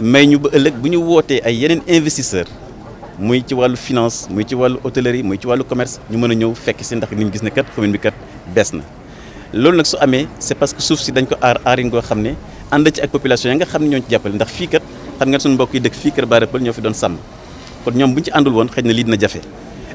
may ñu ba ëllëg bu ñu woté ay yeneen investisseur muy ci walu finance muy ci walu hôtellerie muy ci walu commerce ñu mëna ñëw fekk ci ndax liñ gis ne kat commune bi kat bess na lool nak su amé c'est parce que souf ci dañ ko ar aarin goo xamné and ci ak population nga xamné ñoo ci jàppale ndax fi kat xam nga suñu mbokk yi dëkk fi kër Bara ñoo fi doon sàmm kon ñom buñ ci andul won xëy na lii dina jafé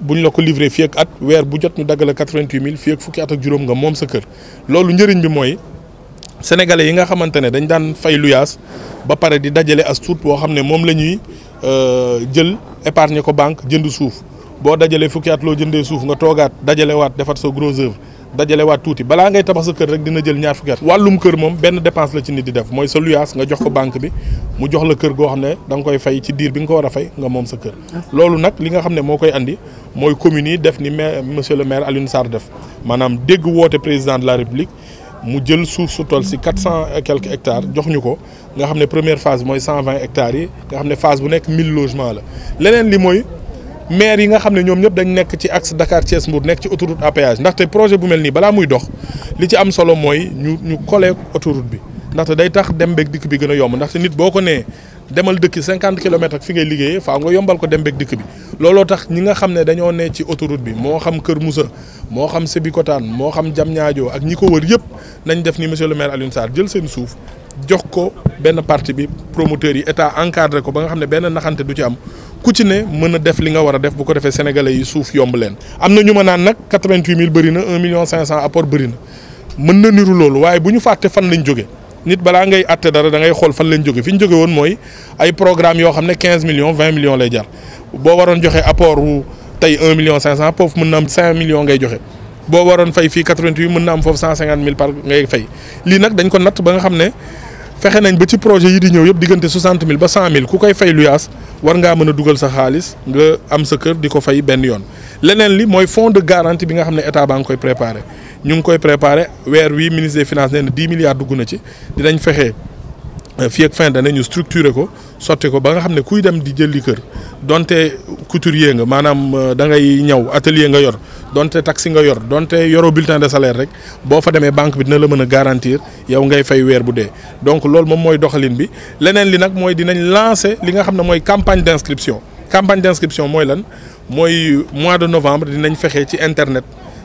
bu ñu la ko livré fii ak at weer bu jot ñu daggal 88000 fii ak fukki at ak juróom nga moom sa kër loolu njëriñ bi mooy sénégalais yi nga xamante ne dañ daan fay luyaas ba pare di dajale as tuut boo xam ne moom la ñuy euh, jël épargne ko banque jënd suuf. bo dajalee fukki at lo jëndé suuf nga toogaat wat defat sa gros œuvre wat touti bala ngay tabax sa kër rek dina jël ñaar fukki at walum kër mom benn dépense la ci nit di def moy sa luyaas nga jox ko banque bi mu jox la kër go xam dang koy fay ci diir bi nga ko war fay nga mom sa kër loolu nak li nga xamné ne koy andi moy commune def ni monsieur le maire Alioune sar def manam dégg woté président de la République mu jël suuf su tol si 400 et quelques hectares jox ñu ko nga xam ne première phase mooy 120 hectares yi nga xam ne phase bu nekk 1000 logements la leneen li mooy maire yi nga xam ne ñoom ñëpp dañ nekk ci axe Dakar Thiès Mbour nekk ci autoroute à péage ndaxte projet bu mel nii balaa muy dox li ci am solo mooy ñu ñu collé autoroute bi ndaxte day tax dem beeg dikk bi gën a yomb ndaxte nit boo ko nee demal dëkk cinquante kilomètres ak fi ngay liggéeyee faaw nga yombal ko dem beeg dikk bi looloo tax ñi nga xam ne dañoo ne ci autoroute bi moo xam Kër Moussa moo xam Sébikotane moo xam Diamniadio ak ñi ko wër yëpp nañ def ni monsieur le maire Alioune Sarr jël seen suuf jox ko benn partie bi promoteur yi état encadré ko ba nga xam ne benn naxante du ci am ku ci ne mën a def li nga war a def bu ko defee sénégalais yi suuf yomb leen am na ñu ma naan nag quatre-vingt-huit mille bëri na un million cinq cent apport bëri mën na niru loolu waaye bu ñu fàtte fan lañ jóge nit balaa ngay àtte dara da ngay xool fan lañ jóge fi ñu jóge woon mooy ay programme yoo xam ne quinze millions vingt millions lay jar boo waroon joxe apport wu tey un million cinq cent poofu mën na am cinq millions ngay joxe boo waroon fay fii quatre-vingt-huit mën na am foofu cent cinquante mille par ngay fay lii nag dañ ko natt ba nga ne fexe nañ ba ci projet yi di ñëw yëpp diggante soixante mille ba cent mille ku koy fay luyaas war ngaa mën a dugal sa xaalis nga am sa kër di ko fay benn yoon leneen li mooy fonds de garantie bi nga xam ne état baa ngi koy préparé ñu ngi koy préparé weer wi ministre des finances na dix milliards dugg na ci dinañ fexe. fii ak fin d'année ñu structuré ko sotti ko ba nga xam ne kuy dem di jëli kër donte couturier nga maanaam euh, da ngay ñëw atelier nga yor donte taxi nga yor donte yoro bulletin de salaire rek boo fa demee banque bi dina la mën a garantir yow ngay fay weer bu dee donc loolu moom mooy doxalin bi leneen li nag mooy dinañ lancer li nga xam ne mooy campagne d'inscription campagne d'inscription mooy lan mooy mois de novembre dinañ fexee ci internet